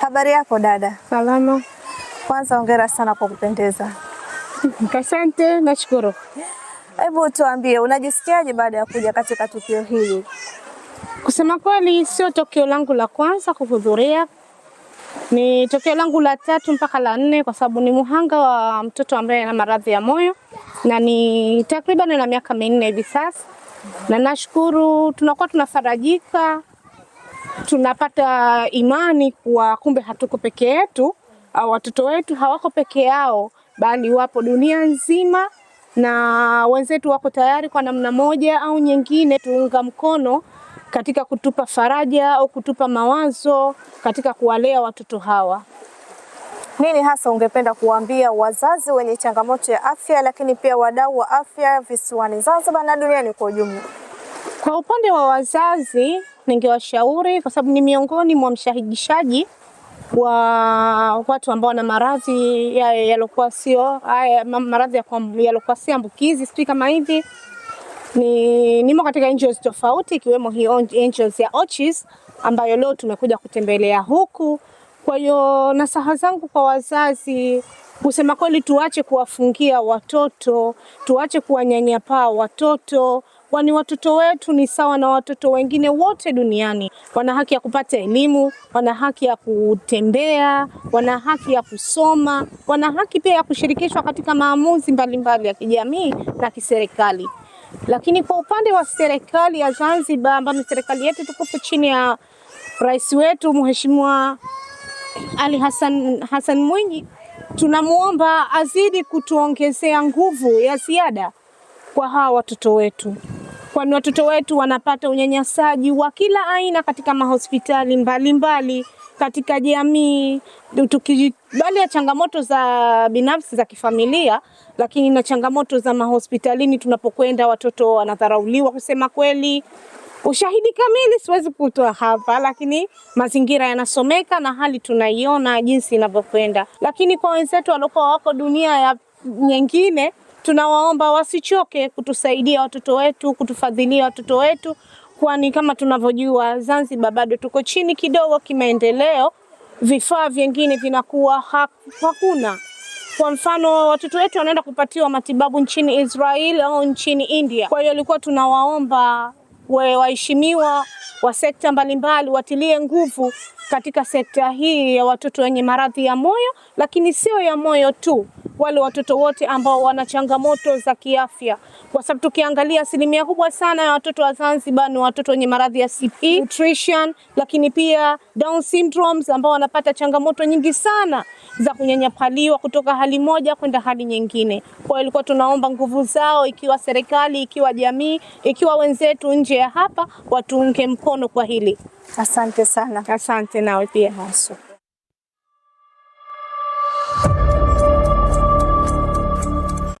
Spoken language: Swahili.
Habari yako dada? Salama. Kwanza hongera sana kwa kupendeza. Asante, nashukuru. Hebu tuambie unajisikiaje baada ya kuja katika tukio hili? Kusema kweli, sio tukio langu la kwanza kuhudhuria, ni tukio langu la tatu mpaka la nne, kwa sababu ni muhanga wa mtoto ambaye ana maradhi ya moyo na ni takriban na miaka minne hivi sasa, na nashukuru tunakuwa tunafarajika tunapata imani kuwa kumbe hatuko peke yetu, au watoto wetu hawako peke yao, bali wapo dunia nzima na wenzetu wako tayari kwa namna moja au nyingine tuunga mkono katika kutupa faraja au kutupa mawazo katika kuwalea watoto hawa. Nini hasa ungependa kuwaambia wazazi wenye changamoto ya afya, lakini pia wadau wa afya visiwani Zanzibar na duniani kwa ujumla? Kwa upande wa wazazi, ningewashauri kwa sababu ni miongoni mwa mshahidishaji wa watu ambao wana maradhi yalokuwa sio haya, maradhi yalokuwa si ambukizi, sijui kama hivi ni nimo katika angels tofauti ikiwemo hii angels ya Ochis ambayo leo tumekuja kutembelea huku. Kwa hiyo nasaha zangu kwa wazazi, kusema kweli, tuache kuwafungia watoto, tuache kuwanyanyapaa watoto kwani watoto wetu ni sawa na watoto wengine wote duniani. Wana haki ya kupata elimu, wana haki ya kutembea, wana haki ya kusoma, wana haki pia ya kushirikishwa katika maamuzi mbalimbali mbali ya kijamii na kiserikali. Lakini kwa upande wa serikali ya Zanzibar, ambayo serikali yetu tukufu chini ya rais wetu Mheshimiwa Ali Hassan, Hassan Mwinyi, tunamwomba azidi kutuongezea nguvu ya ziada kwa hawa watoto wetu kwani watoto wetu wanapata unyanyasaji wa kila aina katika mahospitali mbalimbali mbali, katika jamii tukibali ya changamoto za binafsi za kifamilia, lakini na changamoto za mahospitalini tunapokwenda, watoto wanadharauliwa. Kusema kweli, ushahidi kamili siwezi kutoa hapa, lakini mazingira yanasomeka na hali tunaiona jinsi inavyokwenda. Lakini kwa wenzetu waliokuwa wako dunia ya nyingine Tunawaomba wasichoke kutusaidia watoto wetu, kutufadhilia watoto wetu, kwani kama tunavyojua Zanzibar bado tuko chini kidogo kimaendeleo, vifaa vingine vinakuwa hakuna. Kwa mfano watoto wetu wanaenda kupatiwa matibabu nchini Israel au nchini India. Kwa hiyo ilikuwa tunawaomba we waheshimiwa wa sekta mbalimbali watilie nguvu katika sekta hii ya watoto wenye maradhi ya moyo, lakini sio ya moyo tu, wale watoto wote ambao wana changamoto za kiafya, kwa sababu tukiangalia asilimia kubwa sana ya watoto wa Zanzibar ni watoto wenye maradhi ya CP, nutrition, lakini pia Down syndromes ambao wanapata changamoto nyingi sana za kunyanyapaliwa kutoka hali moja kwenda hali nyingine. Kwa hiyo ilikuwa tunaomba nguvu zao, ikiwa serikali, ikiwa jamii, ikiwa wenzetu nje ya hapa, watuunge mkono kwa hili. Asante sana. Asante nawe pia.